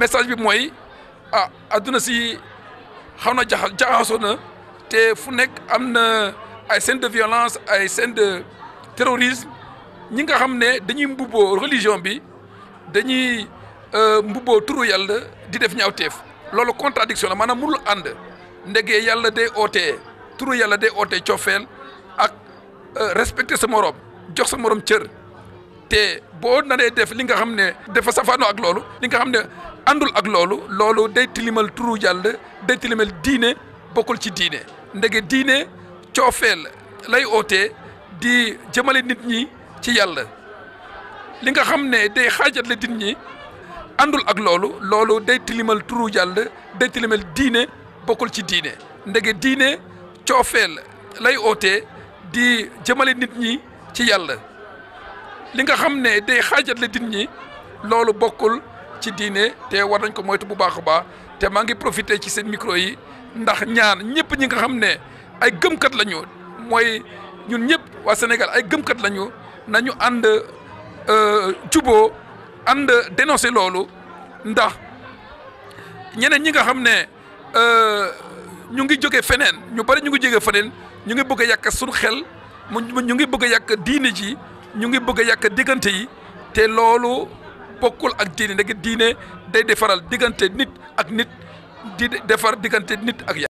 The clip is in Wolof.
message bi mooy ah adduna si xam na jaxa jaxasoo na te fu nekk am na ay scène de violence ay scène de terrorisme ñi nga xam ne dañuy mbubboo religion bi dañuy euh, mbubboo turu yàlla di def ñaawteef loolu contradiction la maanaam mënul ànd ndegee yàlla day oote turu yàlla day oote cofeel ak euh, respecter sa morom jox sa morom cër te boo naree def li nga xam ne dafa safaanoo ak loolu li nga xam ne àndul ak loolu loolu day tilimal turu yàlla day tilimal diine bokkul ci diine ndege diine coofeel lay ootee di jëmale nit ñi ci yàlla li nga xam ne day xaajatle nit ñi àndul ak loolu loolu day tilimal turu yàlla day tilimal diine bokkul ci diine ndege diine coofeel lay ootee di jëmale nit ñi ci yàlla li nga xam ne day xaajat la nit ñi loolu bokkul ci diine te war nañ ko moytu bu baax a baax te maa ngi profité ci seen micro yi ndax ñaan ñëpp ñi nga xam ne ay gëmkat la ñu mooy ñun ñëpp waa Sénégal ay gëmkat la ñu nañu ànd euh, juboo ànd dénoncé loolu ndax ñeneen ñi nga xam ne euh, ñu ngi jóge feneen ñu bari ñu ngi jóge feneen ñu ngi bëgg a yàq xel mu ñu ngi bëgg a yàq diine ji ñu ngi bëgg a yàq diggante yi te loolu bokkul ak diine ndeke diine day defaral diggante nit ak nit di defar diggante nit ak yàlla